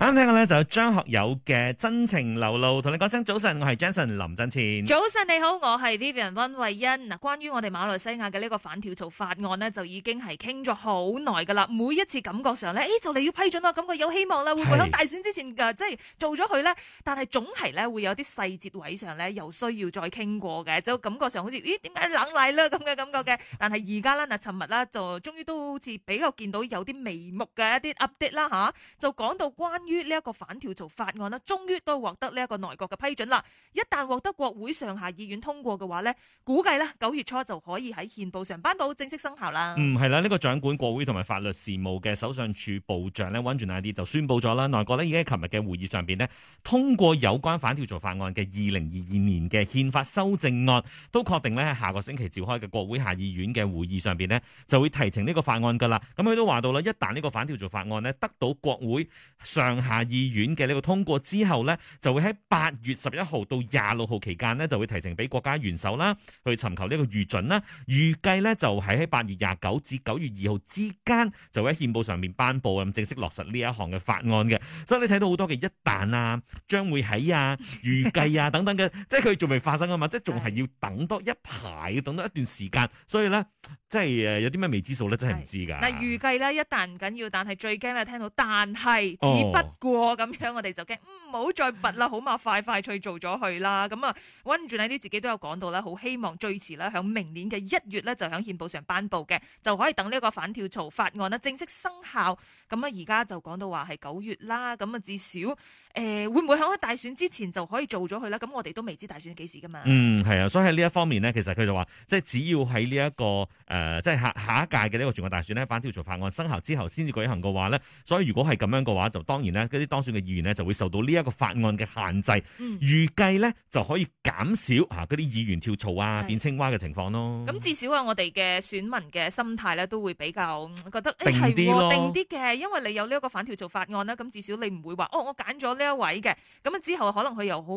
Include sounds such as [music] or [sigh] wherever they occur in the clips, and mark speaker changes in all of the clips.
Speaker 1: 啱聽嘅呢就張學友嘅真情流露，同你講聲早晨，我係 Jensen 林振前。早
Speaker 2: 晨你好，我係 Vivian 温慧欣。嗱，關於我哋馬來西亞嘅呢個反跳槽法案呢，就已經係傾咗好耐噶啦。每一次感覺上呢，誒就嚟要批准啦，感覺有希望啦，會唔會喺大選之前噶，是即係做咗佢呢，但係總係呢，會有啲細節位上呢，又需要再傾過嘅，就感覺上好似，咦點解冷賴啦咁嘅感覺嘅？ [laughs] 但係而家呢，嗱，尋日啦就終於都好似比較見到有啲眉目嘅一啲 update 啦吓，就講到關於於呢一個反條組法案咧，終於都獲得呢一個內閣嘅批准啦。一旦獲得國會上下議院通過嘅話呢，估計咧九月初就可以喺憲報上頒布正式生效啦。嗯，
Speaker 1: 係啦，呢、呢個掌管國會同埋法律事務嘅首相處部長咧，溫泉娜蒂就宣布咗啦，內閣咧已經喺琴日嘅會議上邊咧通過有關反跳槽法案嘅二零二二年嘅憲法修正案，都確定咧喺下個星期召開嘅國會下議院嘅會議上邊咧就會提呈呢個法案噶啦。咁佢都話到啦，一旦呢個反跳槽法案咧得到國會上下議院嘅呢個通過之後咧，就會喺八月十一號到廿六號期間呢，就會提呈俾國家元首啦，去尋求呢個預准啦。預計咧就係喺八月廿九至九月二號之間，就會喺憲報上面頒布，咁正式落實呢一項嘅法案嘅。所以你睇到好多嘅一旦啊、將會喺啊、預計啊等等嘅， [laughs] 即係佢仲未發生啊嘛，即係仲係要等多一排，等多一段時間。是所以咧，即係誒，有啲咩未知數咧，真係唔知噶。但，預
Speaker 2: 計咧一旦唔緊要，但係最驚咧聽到但係只、哦、不。過咁樣我就，我哋就驚唔好再拔啦，好嘛？快快脆做咗佢啦。咁啊，溫俊呢啲自己都有講到啦，好希望最遲咧喺明年嘅一月咧就喺憲報上頒布嘅，就可以等呢個反跳槽法案呢正式生效。咁啊，而家就講到話係九月啦。咁啊，至少誒、呃、會唔會喺大選之前就可以做咗佢啦，咁我哋都未知大選幾時噶嘛。嗯，
Speaker 1: 係啊，所以喺呢一方面呢，其實佢就話即係只要喺呢一個誒、呃，即係下下一屆嘅呢個全國大選呢，反跳槽法案生效之後先至舉行嘅話呢。所以如果係咁樣嘅話，就當然嗰啲當選嘅議員呢，就會受到呢一個法案嘅限制。預計、嗯、呢，就可以減少吓嗰啲議員跳槽啊，變是青蛙嘅情況咯。咁
Speaker 2: 至少啊，我哋嘅選民嘅心態咧，都會比較覺得誒係、欸、定啲嘅、哎哦，因為你有呢一個反跳槽法案啦。咁至少你唔會話哦，我揀咗呢一位嘅，咁啊之後可能佢又好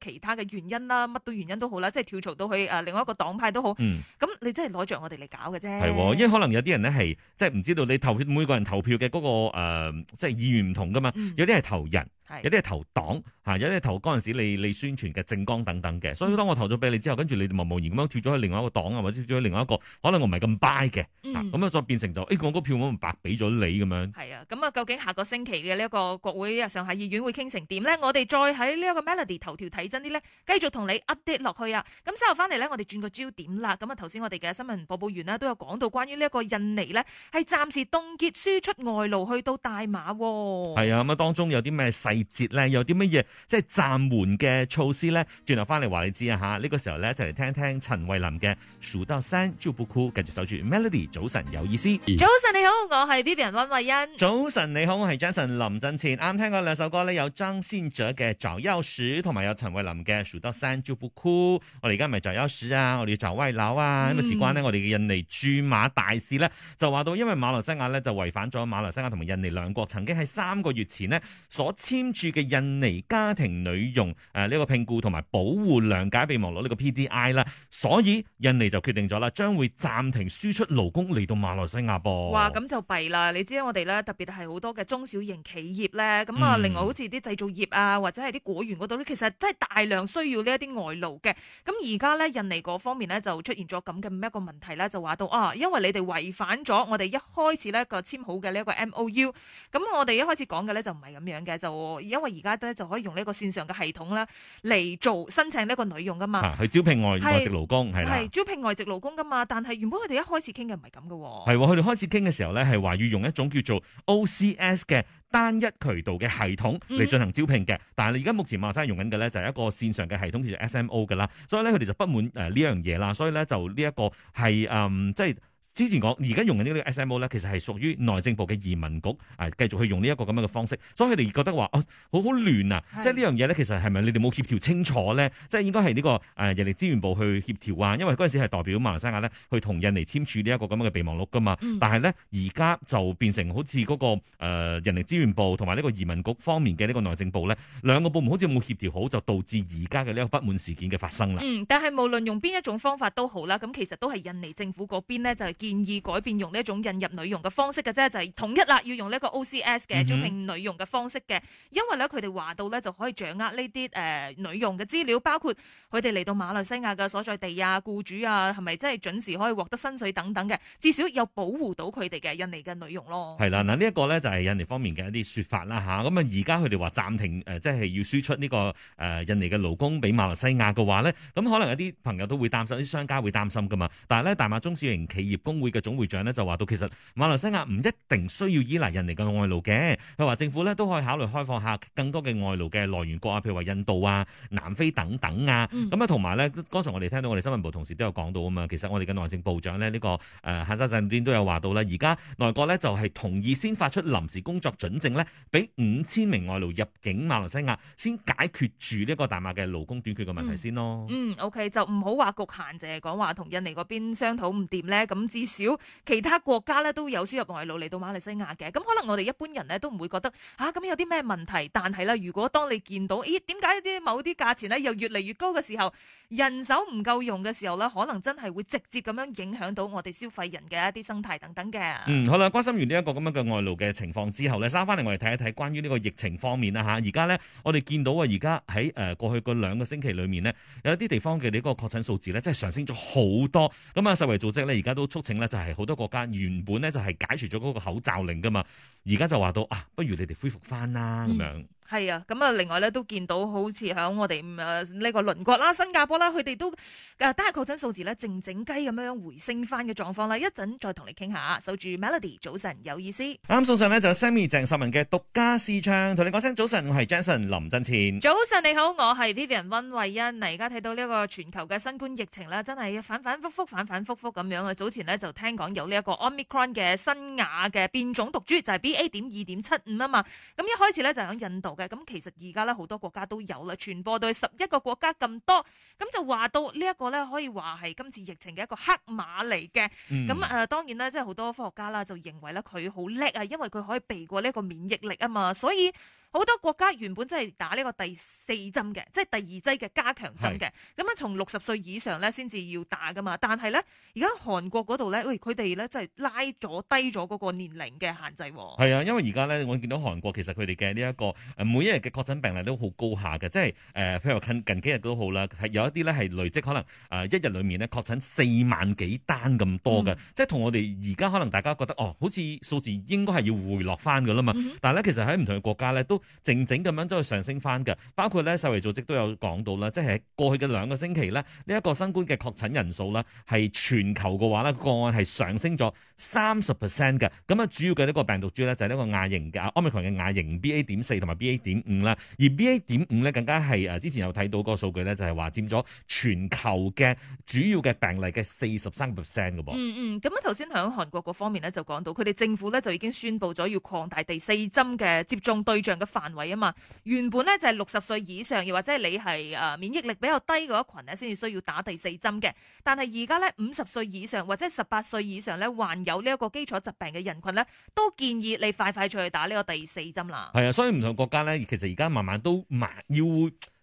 Speaker 2: 其他嘅原因啦，乜都原因都好啦，即係跳槽到去誒、呃、另外一個黨派都好。咁、嗯、你真係攞着我哋嚟搞嘅啫。係、哦，因為
Speaker 1: 可能有啲人呢，係即係唔知道你投票，每個人投票嘅嗰、嗰個、呃、即係意願唔同噶嘛。嗯有啲係頭人。有啲係投黨嚇，有啲係投嗰陣時你你宣傳嘅政綱等等嘅，所以當我投咗俾你之後，跟住你無無言咁樣跳咗去另外一個黨啊，或者跳咗去另外一個可能我唔係咁 buy 嘅，咁啊再變成就，哎、欸、我嗰票我唔白俾咗你咁樣。
Speaker 2: 係啊，咁啊究竟下個星期嘅呢一個國會啊、上下議院會傾成點咧？我哋再喺呢一個 Melody 頭條睇真啲咧，繼續同你 update 落去啊。咁稍後翻嚟咧，我哋轉個焦點啦。咁啊頭先我哋嘅新聞報告員呢，都有講到關於呢一個印尼呢，係暫時凍結輸出外勞去到大馬喎。係
Speaker 1: 啊，咁啊當中有啲咩細？節咧有啲乜嘢即係暫緩嘅措施咧？轉頭翻嚟話你知啊，下呢個時候咧就嚟聽聽陳慧琳嘅《數得山珠不哭》，跟住守住 melody。早晨有意思。早
Speaker 2: 晨你好，我係 Vivian 溫慧欣。
Speaker 1: 早晨你好，我係 Jason 林振前。啱聽過兩首歌咧，有張先者嘅《找優士》，同埋有陳慧琳嘅《數得山珠不哭》。我哋而家唔係找優士啊，我哋要找慰勞啊。嗯、因為事關呢，我哋嘅印尼駐馬大使咧就話到，因為馬來西亞咧就違反咗馬來西亞同埋印尼兩國曾經喺三個月前呢所簽。住嘅印尼家庭女傭，誒呢個聘僱、同埋保護諒解備忘錄呢個 PDI 啦，所以印尼就決定咗啦，將會暫停輸出勞工嚟到馬來西亞噃。哇，咁
Speaker 2: 就弊啦！你知我哋咧特別係好多嘅中小型企業咧，咁啊，另外好似啲製造業啊，或者係啲果園嗰度咧，其實真係大量需要呢一啲外勞嘅。咁而家咧印尼嗰方面咧就出現咗咁嘅一個問題咧，就話到啊，因為你哋違反咗我哋一開始咧個簽好嘅呢一個 MOU，咁我哋一開始講嘅咧就唔係咁樣嘅就。因為而家咧就可以用呢一個線上嘅系統咧嚟做申請呢一個女傭噶嘛、啊，去
Speaker 1: 招聘外是外籍勞工係，係
Speaker 2: 招聘外籍勞工噶嘛，但係原本佢哋一開始傾嘅唔係咁噶，
Speaker 1: 係佢哋開始傾嘅時候咧係話要用一種叫做 OCS 嘅單一渠道嘅系統嚟進行招聘嘅，嗯、但係你而家目前馬生用緊嘅咧就係、是、一個線上嘅系統其實 SMO 噶啦，所以咧佢哋就不滿誒呢樣嘢啦，所以咧就呢、這、一個係誒、嗯、即係。之前講而家用緊呢個 SMO 咧，其實係屬於內政部嘅移民局啊，繼續去用呢一個咁樣嘅方式，所以佢哋覺得話哦，好、啊、好亂啊！是的 即係呢樣嘢咧，其實係咪你哋冇協調清楚咧？即係應該係呢、呢個誒、呃、人力資源部去協調啊，因為嗰陣時係代表馬來西亞咧去同印尼簽署呢一個咁樣嘅備忘錄噶、啊、嘛。嗯、但係咧而家就變成好似嗰、嗰個、呃、人力資源部同埋呢個移民局方面嘅呢個內政部咧，兩個部門好似冇協調好，就導致而家嘅呢個不滿事件嘅發生啦。嗯，
Speaker 2: 但係無論用邊一種方法都好啦，咁其實都係印尼政府嗰邊咧就係、是。建議改變用呢一種引入女傭嘅方式嘅啫，就係統一啦，要用呢個 OCS 嘅招聘女傭嘅方式嘅，因為咧佢哋話到咧就可以掌握呢啲誒女傭嘅資料，包括佢哋嚟到馬來西亞嘅所在地啊、僱主啊，係咪真係準時可以獲得薪水等等嘅，至少有保護到佢哋嘅印尼嘅女傭咯。
Speaker 1: 係啦，嗱呢一個咧就係印尼方面嘅一啲説法啦嚇。咁啊而家佢哋話暫停誒，即係要輸出呢個誒印尼嘅勞工俾馬來西亞嘅話咧，咁可能有啲朋友都會擔心，啲商家會擔心噶嘛。但係咧大馬中小型企業。工會嘅總會長呢，就話到，其實馬來西亞唔一定需要依賴印尼嘅外勞嘅。佢話政府呢，都可以考慮開放下更多嘅外勞嘅來源國啊，譬如話印度啊、南非等等啊。咁啊、嗯，同埋呢，剛才我哋聽到我哋新聞部同事都有講到啊嘛。其實我哋嘅內政部長呢，呢、這個誒、呃，哈沙陣端都有話到啦。而家內閣呢，就係、是、同意先發出臨時工作准證呢，俾五千名外勞入境馬來西亞，先解決住呢一個大馬嘅勞工短缺嘅問題先咯。嗯，
Speaker 2: 嗯，OK，就唔好話局限淨係講話同印尼嗰邊商討唔掂呢。咁至少其他國家咧都有輸入外勞嚟到馬來西亞嘅，咁可能我哋一般人呢都唔會覺得吓，咁、啊、有啲咩問題？但係咧，如果當你見到咦點解啲某啲價錢呢又越嚟越高嘅時候，人手唔夠用嘅時候呢，可能真係會直接咁樣影響到我哋消費人嘅一啲生態等等嘅。嗯，
Speaker 1: 好啦，關心完呢一個咁樣嘅外勞嘅情況之後呢，翻嚟我哋睇一睇關於呢個疫情方面啦吓。而家呢，我哋見到啊，而家喺誒過去嗰兩個星期裏面呢，有一啲地方嘅呢個確診數字呢，真係上升咗好多，咁啊，世衛組織呢，而家都促。咧就係好多國家原本咧就係解除咗嗰個口罩令噶嘛，而家就話到啊，不如你哋恢復翻啦咁樣。
Speaker 2: 嗯係啊，咁啊，另外咧都見到好似喺我哋誒呢個鄰國啦、新加坡啦，佢哋都誒都係確診數字咧靜靜雞咁樣回升翻嘅狀況啦。一陣再同你傾下，守住 Melody，早晨有意思。
Speaker 1: 啱啱送上咧就 Sammy 鄭秀文嘅獨家試唱，同你講聲早晨，我係 Jason 林振前。
Speaker 2: 早晨你好，我係 Vivian 温慧欣。嗱而家睇到呢一個全球嘅新冠疫情咧，真係反反覆覆、反反覆覆咁樣啊！早前咧就聽講有呢一個 Omicron 嘅新亞嘅變種毒株，就係、是、BA 點二點七五啊嘛。咁一開始咧就喺印度。咁其實而家咧好多國家都有啦，傳播到十一個國家咁多，咁就話到呢一個咧可以話係今次疫情嘅一個黑馬嚟嘅。咁誒、嗯，當然啦，即係好多科學家啦就認為咧佢好叻啊，因為佢可以避過呢個免疫力啊嘛，所以。好多國家原本真係打呢個第四針嘅，即係第二劑嘅加強針嘅。咁樣從六十歲以上咧先至要打㗎嘛。但係咧，而家韓國嗰度咧，喂佢哋咧即係拉咗低咗嗰個年齡嘅限制，哦。
Speaker 1: 係啊，因為而家咧，我見到韓國其實佢哋嘅呢一個，誒每一日嘅確診病例都好高下嘅，即係誒譬如近近幾日都好啦，有一啲咧係累積，可能誒一日裡面咧確診四萬幾單咁多嘅，嗯、即係同我哋而家可能大家覺得哦，好似數字應該係要回落翻㗎啦嘛。嗯、但係咧，其實喺唔同嘅國家咧都。靜靜咁樣都係上升翻嘅，包括咧世衛組織都有講到啦，即係過去嘅兩個星期咧，呢一個新冠嘅確診人數啦，係全球嘅話咧個案係上升咗三十 percent 嘅，咁啊主要嘅呢個病毒株咧就係呢個亞型嘅，奧密克戎嘅亞型 BA 點四同埋 BA 點五啦，而 BA 點五咧更加係誒之前有睇到個數據咧就係話佔咗全球嘅主要嘅病例嘅四十三 percent 嘅噃。嗯嗯，
Speaker 2: 咁啊頭先響韓國嗰方面咧就講到，佢哋政府咧就已經宣布咗要擴大第四針嘅接種對象嘅。範圍啊嘛，原本咧就係六十歲以上，又或者你係誒免疫力比較低嗰一群咧，先至需要打第四針嘅。但係而家咧五十歲以上或者十八歲以上咧，患有呢一個基礎疾病嘅人群咧，都建議你快快脆去打呢個第四針啦。
Speaker 1: 係啊，所以唔同國家咧，其實而家慢慢都慢要，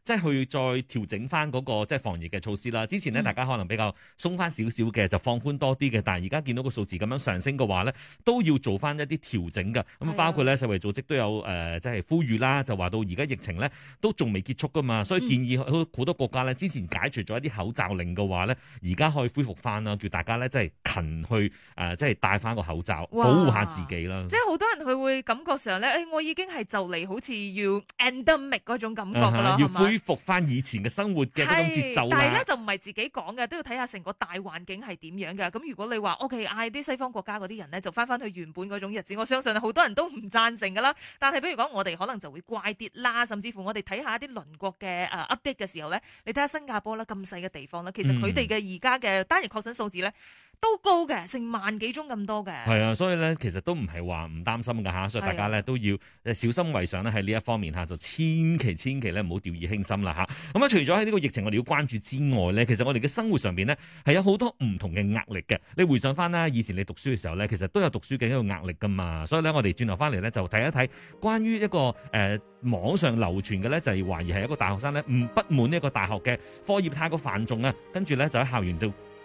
Speaker 1: 即係去再調整翻嗰個即係防疫嘅措施啦。之前呢，大家可能比較鬆翻少少嘅，嗯、就放寬多啲嘅。但而家見到個數字咁樣上升嘅話咧，都要做翻一啲調整㗎。咁包括咧世衞組織都有、呃、即係呼籲啦，就話到而家疫情咧都仲未結束噶嘛，所以建議好多國家咧之前解除咗一啲口罩令嘅話咧，而家可以恢復翻啦，叫大家咧即係勤去、呃、即係戴翻個口罩哇保護下自己啦。即係
Speaker 2: 好多人佢會感覺上咧、哎，我已經係就嚟好似要 endemic 嗰種感覺啦，嗯恢復
Speaker 1: 翻以前嘅生活嘅種節奏。但係咧就
Speaker 2: 唔係自己講嘅，都要睇下成個大環境係點樣嘅。咁如果你話 OK，嗌啲西方國家嗰啲人咧，就翻翻去原本嗰種日子，我相信好多人都唔贊成噶啦。但係譬如講我哋可能就會怪啲啦，甚至乎我哋睇下一啲鄰國嘅啊 update 嘅時候咧，你睇下新加坡啦，咁細嘅地方啦，其實佢哋嘅而家嘅單日確診數字咧。嗯都高嘅，成萬幾宗咁多嘅。係
Speaker 1: 啊，所以咧，其實都唔係話唔擔心噶吓，所以大家咧都要誒小心為上咧喺呢一方面吓，就千祈千祈咧唔好掉以輕心啦吓。咁啊，除咗喺呢個疫情我哋要關注之外咧，其實我哋嘅生活上邊咧係有好多唔同嘅壓力嘅。你回想翻啦，以前你讀書嘅時候咧，其實都有讀書嘅一個壓力噶嘛。所以咧，我哋轉頭翻嚟咧就睇一睇關於一個誒、呃、網上流傳嘅咧，就係、是、懷疑係一個大學生咧唔不滿呢一個大學嘅課業太過繁重啊，跟住咧就喺校園度。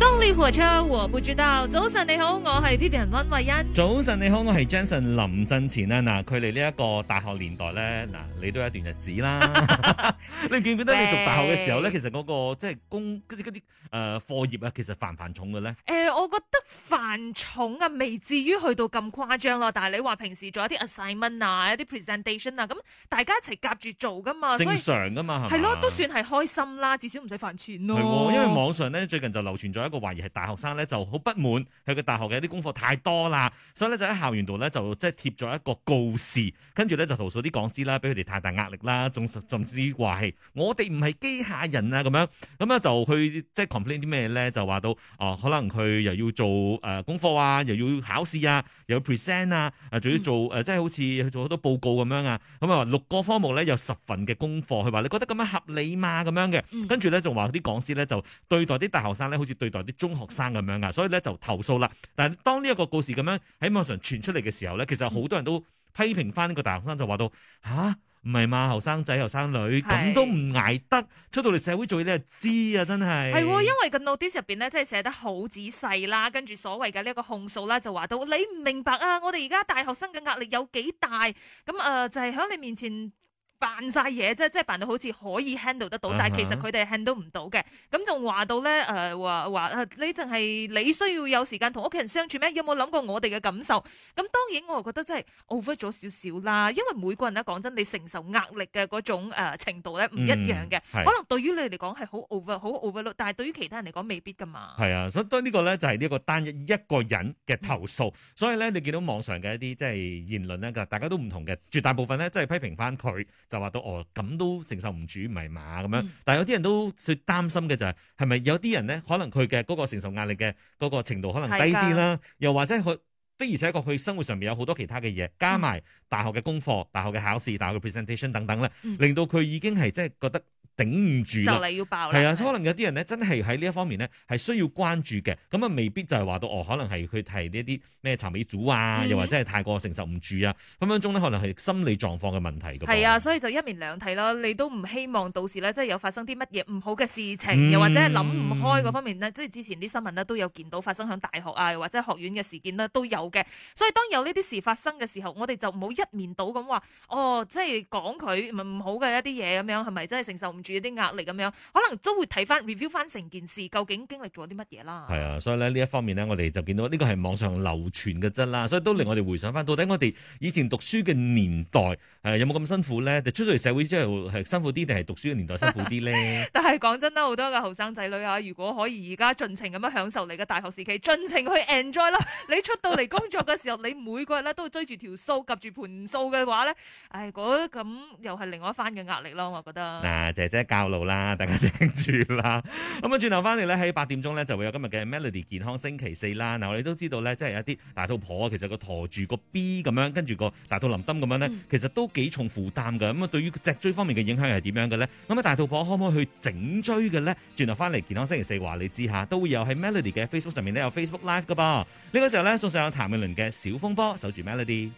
Speaker 2: 當列車和不知道。早晨你好，我係 Vivian 溫慧欣。
Speaker 1: 早晨你好，我係 Janson 林振前。啊嗱，距離呢一個大學年代咧，嗱、啊，你都有一段日子啦。 [laughs] [laughs] 你記唔記得你讀大學嘅時候咧、欸，那個呃，其實嗰個即係工嗰啲嗰啲誒課業啊，其實繁繁重嘅咧？
Speaker 2: 誒，我覺得繁重啊，未至於去到咁誇張咯。但係你話平時做一啲 assignment 啊，一啲 presentation 啊，咁大家一齊夾住做噶嘛，正常
Speaker 1: 噶嘛係咯，都算
Speaker 2: 係開心啦、啊，至少唔使煩錢咯。係、哦、因為網
Speaker 1: 上咧最近就流傳咗。一個懷疑係大學生咧就好不滿，佢嘅大學嘅一啲功課太多啦，所以咧就喺校園度咧就即係貼咗一個告示，跟住咧就投訴啲講師啦，俾佢哋太大壓力啦，仲甚至話係我哋唔係機械人啊！咁樣咁咧就去即係 complain 啲咩咧？就話到啊、呃，可能佢又要做誒、呃、功課啊，又要考試啊，又要 present 啊，仲要做誒，即係、嗯呃就是、好似去做好多報告咁樣啊！咁啊話六個科目咧有十份嘅功課，佢話你覺得咁樣合理嘛？咁樣嘅，跟住咧就話啲講師咧就對待啲大學生咧好似對。有啲中學生咁樣啊，所以咧就投訴啦。但係當呢一個故事咁樣喺網上傳出嚟嘅時候咧，其實好多人都批評翻呢個大學生，就話到吓，唔係嘛？後生仔後生女咁是都唔捱得，出到嚟社會做嘢咧知啊，真係係，
Speaker 2: 因為個 notice 入邊咧，即係寫得好仔細啦。跟住所謂嘅呢一個控訴啦，就話到你唔明白啊，我哋而家大學生嘅壓力有幾大咁、呃、就係、是、喺你面前。扮曬嘢啫，即係扮到好似可以 handle 得到，但係其實佢哋 handle 唔到嘅。咁仲話到咧，誒話話，你淨係你需要有時間同屋企人相處咩？有冇諗過我哋嘅感受？咁當然我又覺得真係 over 咗少少啦，因為每個人咧講真，你承受壓力嘅嗰種誒程度咧唔一樣嘅，可能對於你嚟講係好 over 好 overload，但係對於其他人嚟講未必噶嘛。
Speaker 1: 係啊，所以都呢個咧就係呢個單一一個人嘅投訴。所以咧你見到網上嘅一啲即係言論咧，個大家都唔同嘅，絕大部分咧即係批評翻佢。就話到哦，咁都承受唔住，唔係嘛，咁樣，但係有啲人都說擔心嘅就係，係咪有啲人咧，可能佢嘅嗰個承受壓力嘅嗰個程度可能低啲啦，的又或者佢。的而且確，佢生活上面有好多其他嘅嘢，加埋大學嘅功課、大學嘅考試、大學嘅 presentation 等等咧，嗯、令到佢已經係即係覺得頂唔住就嚟要爆啦！係啊，可能有啲人咧真係喺呢一方面咧係需要關注嘅，咁啊未必就係話到哦，可能係佢提呢一啲咩茶米組啊，又或者係太過承受唔住啊，分分鐘咧可能係心理狀況嘅問題。係啊，
Speaker 2: 所以就一面兩睇咯。你都唔希望到時咧，即係有發生啲乜嘢唔好嘅事情，嗯、又或者係諗唔開嗰方面咧。即係之前啲新聞咧都有見到發生響大學啊，又或者學院嘅事件咧都有。嘅，所以當有呢啲事發生嘅時候，我哋就唔好一面倒咁話，哦，即係講佢唔好嘅一啲嘢，咁樣係咪真係承受唔住啲壓力咁樣？可能都會睇翻 review 翻成件事，究竟經歷咗啲乜嘢啦。
Speaker 1: 係啊，所以呢呢一方面呢，我哋就見到呢個係網上流傳嘅質啦，所以都令我哋回想翻，到底我哋以前讀書嘅年代有冇咁辛苦呢？出到嚟社會之後係辛苦啲，定係讀書嘅年代辛苦啲呢？ [laughs]
Speaker 2: 但係講真啦，好多嘅後生仔女啊，如果可以而家盡情咁樣享受你嘅大學時期，盡情去 enjoy 啦，你出到嚟。 [laughs] 工作嘅時候，你每個月咧都追住條數，夾住盤數嘅話咧，唉，嗰咁又係另外一番嘅壓力咯，我覺得。嗱，
Speaker 1: 姐姐教路啦，大家聽住啦。咁啊， [laughs] 轉頭翻嚟咧，喺八點鐘咧就會有今日嘅 Melody 健康星期四啦。嗱，我哋都知道咧，即係一啲大肚婆其實個陀住個 B 咁樣，跟住個大肚林墩咁樣咧，其實都幾重負擔噶。咁啊，對於脊椎方面嘅影響係點樣嘅咧？咁啊，大肚婆可唔可以去整椎嘅咧？轉頭翻嚟健康星期四話你知下，都會有喺 Melody 嘅 Facebook 上面咧有 Facebook Live 噶噃。呢、呢個時候咧送上譚美麟嘅小風波，守住 melody。